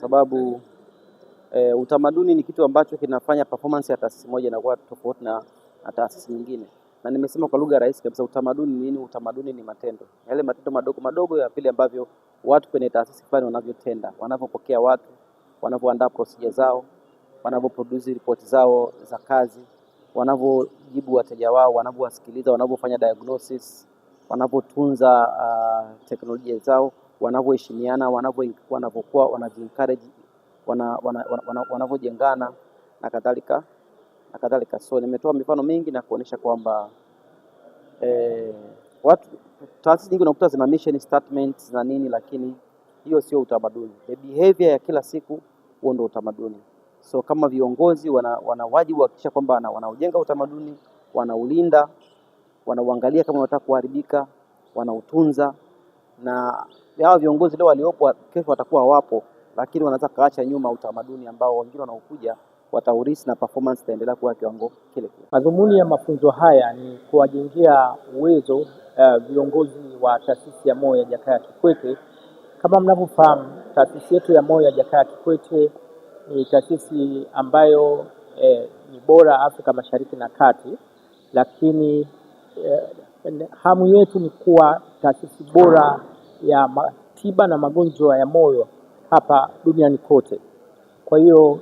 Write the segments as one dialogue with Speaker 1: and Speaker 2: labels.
Speaker 1: sababu e, utamaduni ni kitu ambacho kinafanya performance ya taasisi moja inakuwa tofauti na, na taasisi nyingine, na nimesema kwa lugha rahisi kabisa, utamaduni ni nini? Utamaduni ni matendo, yale matendo madogo madogo ya vile ambavyo watu kwenye taasisi fulani wanavyotenda, wanavyopokea watu, wanavyoandaa procedure zao, wanavyoproduce ripoti zao za kazi, wanavyojibu wateja wao, wanavyowasikiliza, wanavyofanya diagnosis, wanavyotunza uh, teknolojia zao wanavyoheshimiana, wanavyokuwa wanajiencourage, wanavyojengana wana, wana, wana, wana na kadhalika na kadhalika. So nimetoa mifano mingi na kuonesha kwamba eh, watu taasisi nyingi unakuta zina mission statements na nini, lakini hiyo sio utamaduni. The behavior ya kila siku, huo ndio utamaduni. So kama viongozi wana, wana wajibu kuhakikisha kwamba wanaujenga utamaduni, wanaulinda, wanauangalia kama unataka kuharibika, wanautunza na hawa viongozi leo waliopo kesho watakuwa wapo, lakini wanaweza kaacha nyuma utamaduni ambao wengine wanaokuja wataurisi na performance itaendelea kuwa kiwango kile kile.
Speaker 2: Madhumuni ya mafunzo haya ni kuwajengea uwezo uh, viongozi wa taasisi ya moyo ya Jakaya Kikwete. Kama mnavyofahamu, taasisi yetu ya moyo ya Jakaya Kikwete ni taasisi ambayo eh, ni bora Afrika Mashariki na Kati, lakini eh, hamu yetu ni kuwa taasisi bora ya tiba na magonjwa ya moyo hapa duniani kote. Kwa hiyo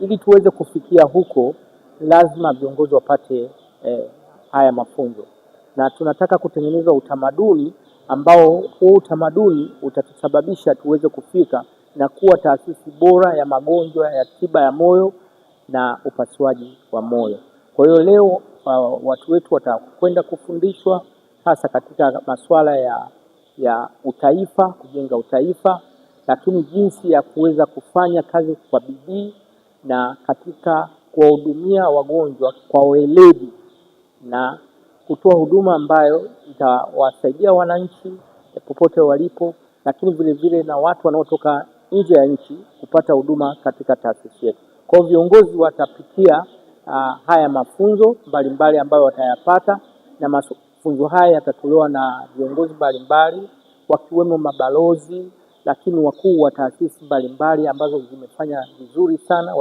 Speaker 2: ili tuweze kufikia huko, lazima viongozi wapate eh, haya mafunzo, na tunataka kutengeneza utamaduni ambao huu utamaduni utatusababisha tuweze kufika na kuwa taasisi bora ya magonjwa ya tiba ya moyo na upasuaji wa moyo. Kwa hiyo leo uh, watu wetu watakwenda kufundishwa hasa katika masuala ya ya utaifa, kujenga utaifa, lakini jinsi ya kuweza kufanya kazi kwa bidii na katika kuwahudumia wagonjwa kwa weledi na kutoa huduma ambayo itawasaidia wananchi popote walipo, lakini vile vile na watu wanaotoka nje ya nchi kupata huduma katika taasisi yetu. Kwa hiyo viongozi watapitia uh, haya mafunzo mbalimbali ambayo watayapata na Mafunzo haya yatatolewa na viongozi mbalimbali wakiwemo mabalozi, lakini wakuu wa taasisi mbalimbali ambazo zimefanya vizuri sana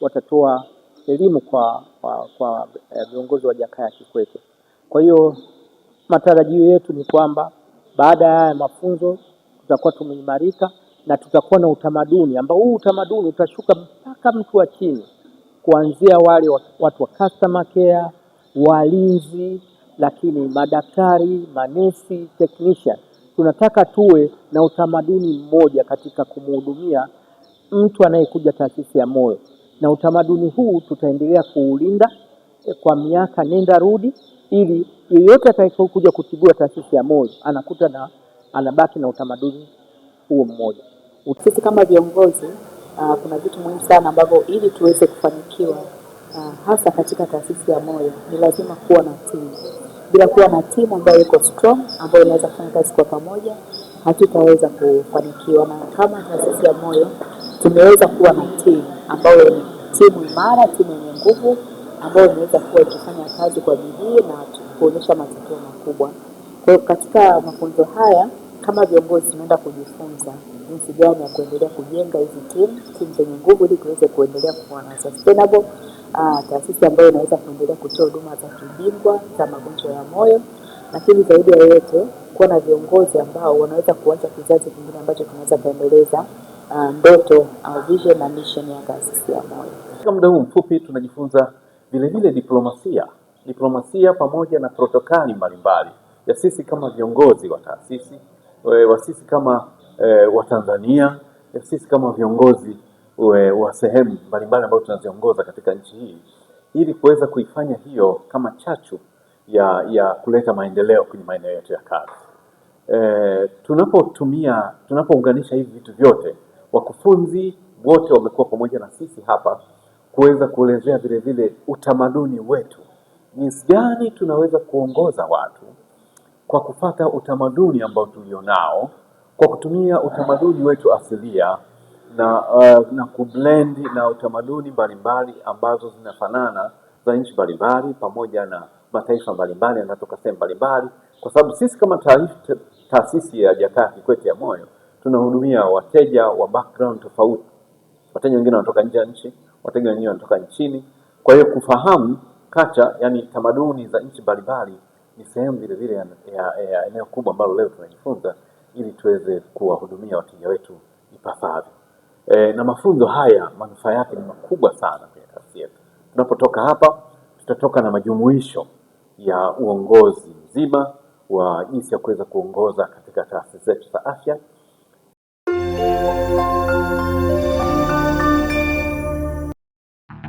Speaker 2: watatoa elimu kwa, kwa, kwa eh, viongozi wa Jakaya Kikwete. Kwa hiyo matarajio yetu ni kwamba baada ya haya mafunzo tutakuwa tumeimarika na tutakuwa na utamaduni ambao huu utamaduni utashuka mpaka mtu wa chini, kuanzia wale watu wa customer care, walinzi lakini madaktari, manesi, technician, tunataka tuwe na utamaduni mmoja katika kumhudumia mtu anayekuja taasisi ya moyo, na utamaduni huu tutaendelea kuulinda eh, kwa miaka nenda rudi, ili yeyote atakayekuja kutibua taasisi ya moyo anakuta na anabaki na utamaduni huo mmoja.
Speaker 3: Sisi kama viongozi uh, kuna vitu muhimu sana ambavyo ili tuweze kufanikiwa uh, hasa katika taasisi ya moyo ni lazima kuwa na timu. Bila kuwa na timu ambayo iko strong, ambayo inaweza kufanya kazi kwa pamoja, hatutaweza kufanikiwa. Na kama taasisi ya moyo tumeweza kuwa na timu ambayo ni timu imara, timu yenye nguvu, ambayo inaweza kuwa ikifanya kazi kwa bidii na kuonyesha matokeo makubwa. Kwa hiyo katika mafunzo haya kama viongozi tunaenda kujifunza jinsi gani ya kuendelea kujenga hizi timu timu zenye nguvu, ili tuweze kuendelea kuwa na sustainable Ah, taasisi ambayo inaweza kuendelea kutoa huduma za kibingwa za magonjwa ya moyo, lakini zaidi ya yote kuwa na viongozi ambao wanaweza kuacha kizazi kingine ambacho kinaweza kuendeleza ah, ndoto uh, vision na mission ya taasisi ya moyo.
Speaker 4: Katika muda huu mfupi tunajifunza vilevile diplomasia, diplomasia pamoja na protokali mbalimbali ya sisi kama viongozi wa taasisi, eh, sisi kama e, eh, Watanzania, ya sisi kama viongozi wa sehemu mbalimbali ambazo tunaziongoza katika nchi hii ili kuweza kuifanya hiyo kama chachu ya ya kuleta maendeleo kwenye maeneo yetu ya kazi. E, tunapotumia tunapounganisha hivi vitu vyote, wakufunzi wote wamekuwa pamoja na sisi hapa kuweza kuelezea vile vile utamaduni wetu, jinsi gani tunaweza kuongoza watu kwa kufata utamaduni ambao tulionao kwa kutumia utamaduni wetu asilia na uh, na kublend na utamaduni mbalimbali ambazo zinafanana za nchi mbalimbali pamoja na mataifa mbalimbali yanatoka sehemu mbalimbali, kwa sababu sisi kama taasisi ya Jakaya Kikwete ya moyo tunahudumia wateja wa background tofauti. Wateja wengine wanatoka nje ya nchi, wateja wengine wanatoka nchini. Kwa hiyo kufahamu kacha, yani tamaduni za nchi mbalimbali ni sehemu vile vile ya, ya, ya eneo kubwa ambalo leo tunajifunza, ili tuweze kuwahudumia wateja wetu ipasavyo. E, na mafunzo haya manufaa yake ni makubwa sana kwenye taasisi yetu. Tunapotoka hapa, tutatoka na majumuisho ya uongozi mzima wa jinsi ya kuweza kuongoza katika taasisi zetu za afya.